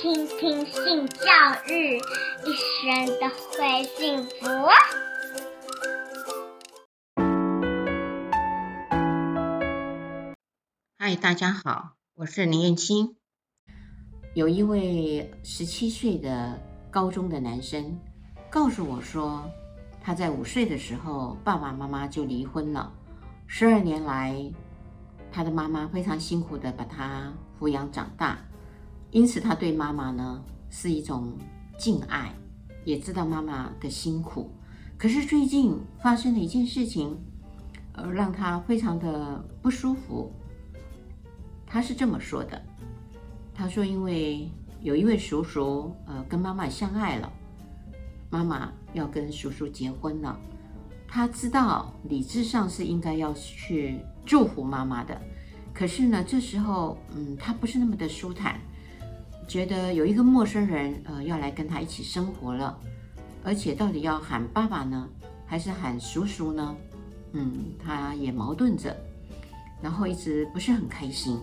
傾聽性教育，一生都會幸福啊。嗨，大家好，我是林燕青。有一位十七歲的高中的男生告訴我說，他在五歲的時候，爸爸媽媽就離婚了。十二年來，他的媽媽非常辛苦的把他撫養長大。因此，他對媽媽呢是一種敬愛，也知道媽媽的辛苦。可是最近發生了一件事情，呃，讓他非常的不舒服。他是這麼說的：“他說，因為有一位叔叔，呃，跟媽媽相愛了，媽媽要跟叔叔結婚了。他知道理智上是應該要去祝福媽媽的，可是呢，這時候，嗯，他不是那麼的舒坦。”覺得有一個陌生人，呃，要來跟他一起生活了，而且到底要喊爸爸呢，還是喊叔叔呢？嗯，他也矛盾着，然後一直不是很開心。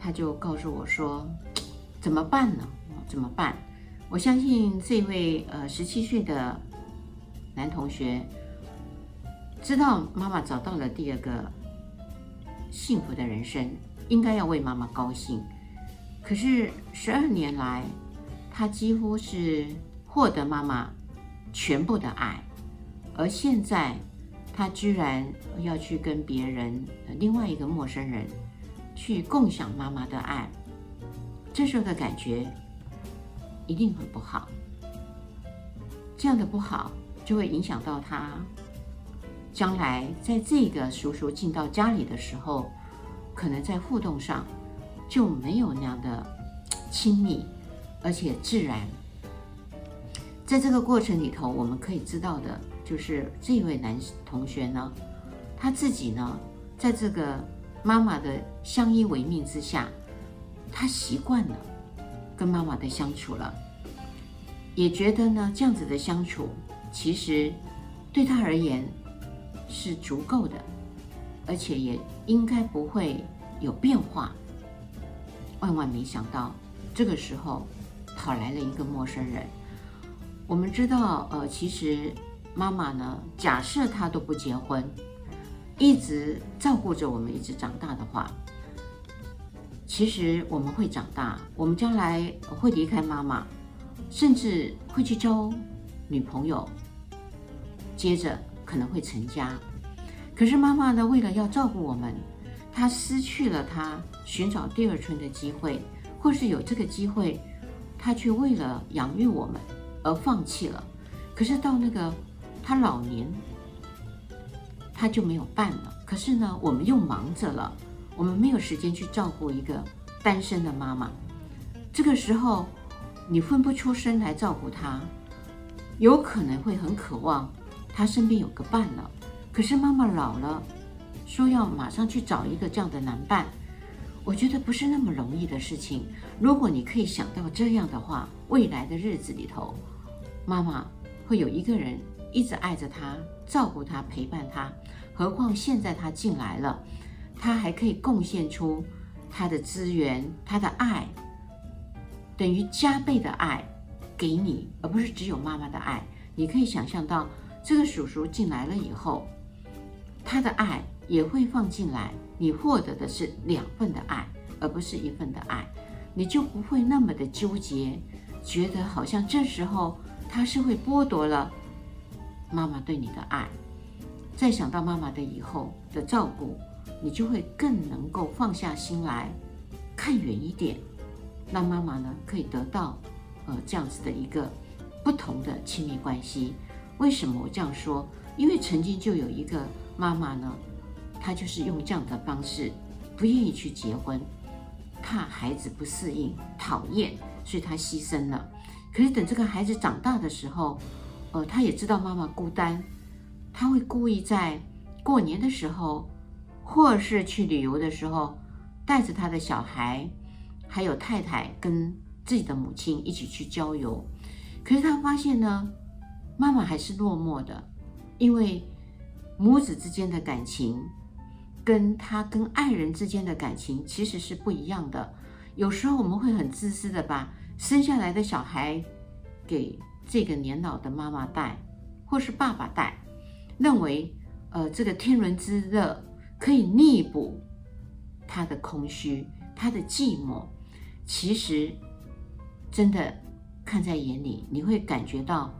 他就告訴我說：“怎麼辦呢？怎麼辦？”我相信這位，呃，十七歲的男同學知道媽媽找到了第二個幸福的人生，應該要為媽媽高興。可是十二年來，他幾乎是獲得媽媽全部的愛，而現在，他居然要去跟別人，另外一個陌生人去共享媽媽的愛，這時候的感覺一定很不好。這樣的不好就會影響到他，將來在這個叔叔進到家裡的時候，可能在互動上。就沒有那樣的親密，而且自然。在這個過程裡頭，我們可以知道的就是，這位男同學呢，他自己呢，在這個媽媽的相依為命之下，他習慣了跟媽媽的相處了，也覺得呢，這樣子的相處其實對他而言是足夠的，而且也應該不會有變化。萬萬沒想到，這個時候跑來了一個陌生人。我們知道，呃，其實媽媽呢，假設她都不結婚，一直照顧着我們，一直長大的話，其實我們會長大，我們將來會離開媽媽，甚至會去交女朋友，接着可能會成家。可是媽媽呢，為了要照顧我們。他失去了他尋找第二春的機會，或是有這個機會，他卻為了養育我們而放棄了。可是到那個他老年，他就沒有伴了。可是呢，我們又忙着了，我們沒有時間去照顧一個單身的媽媽。這個時候，你分不出身來照顧他，有可能會很渴望他身邊有個伴了。可是媽媽老了。說要馬上去找一個這樣的男伴，我覺得不是那麼容易的事情。如果你可以想到這樣的話，未來的日子裡頭，媽媽會有一個人一直愛着他，照顧他，陪伴他。何況現在他進來了，他還可以貢獻出他的資源，他的愛，等於加倍的愛給你，而不是只有媽媽的愛。你可以想象到，這個叔叔進來了以後，他的愛。也會放進來，你獲得的是兩份的愛，而不是一份的愛，你就不會那麼的糾結，覺得好像這時候他是會剝奪了媽媽對你的愛。再想到媽媽的以後的照顧，你就會更能夠放下心來，看遠一點，讓媽媽呢可以得到呃這樣子的一個不同的親密關係。為什麼我這樣說？因為曾經就有一個媽媽呢。他就是用這樣的方式，不願意去結婚，怕孩子不適應、討厭，所以他犧牲了。可是等這個孩子長大的時候，呃，他也知道媽媽孤單，他會故意在過年的時候，或是去旅遊的時候，帶着他的小孩，還有太太跟自己的母親一起去郊遊。可是他發現呢，媽媽還是落寞的，因為母子之間的感情。跟他跟愛人之間的感情其實是不一樣的。有時候我們會很自私的把生下來的小孩給這個年老的媽媽帶，或是爸爸帶，認為呃，這個天倫之樂可以彌補他的空虛、他的寂寞。其實真的看在眼裡，你會感覺到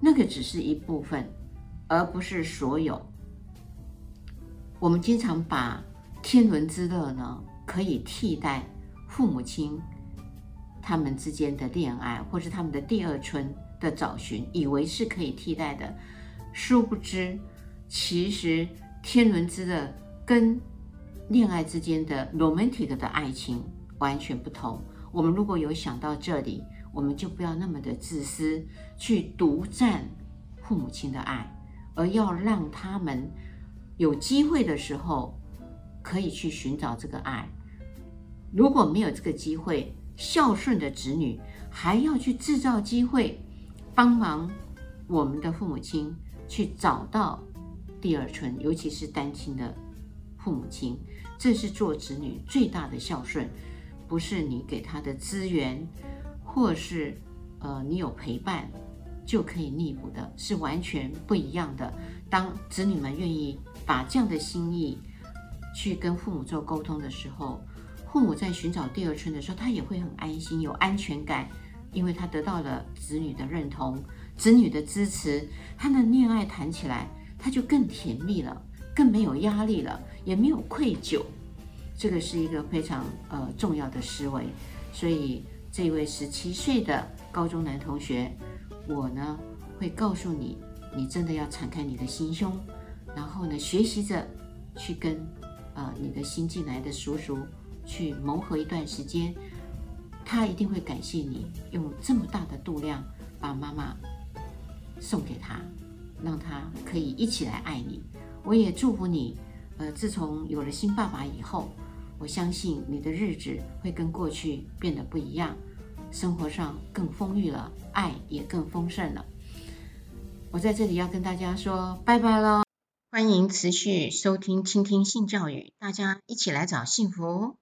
那個只是一部分，而不是所有。我們經常把天倫之樂呢，可以替代父母親他們之間的戀愛，或是他們的第二春的找尋，以為是可以替代的。殊不知，其實天倫之樂跟戀愛之間的 romantic 的愛情完全不同。我們如果有想到這裡，我們就不要那麼的自私，去獨占父母親的愛，而要讓他們。有機會的時候，可以去尋找這個愛；如果沒有這個機會，孝順的子女還要去製造機會，幫忙我們的父母親去找到第二春，尤其是單親的父母親，這是做子女最大的孝順。不是你給他的資源，或是呃你有陪伴就可以彌補的，是完全不一樣的。當子女們願意。把這樣的心意去跟父母做溝通的時候，父母在尋找第二春的時候，他也會很安心，有安全感，因為他得到了子女的認同、子女的支持。他的戀愛談起來，他就更甜蜜了，更沒有壓力了，也沒有愧疚。這個是一個非常呃重要的思維。所以，這位十七歲的高中男同學，我呢會告訴你，你真的要敞開你的心胸。然後呢，學習着去跟呃你的新進來的叔叔去磨合一段時間，他一定會感謝你用這麼大的度量把媽媽送給他，讓他可以一起來愛你。我也祝福你，呃，自從有了新爸爸以後，我相信你的日子會跟過去變得不一樣，生活上更豐裕了，愛也更豐盛了。我在這裡要跟大家說拜拜嘍。歡迎持續收聽傾聽性教育，大家一起來找幸福。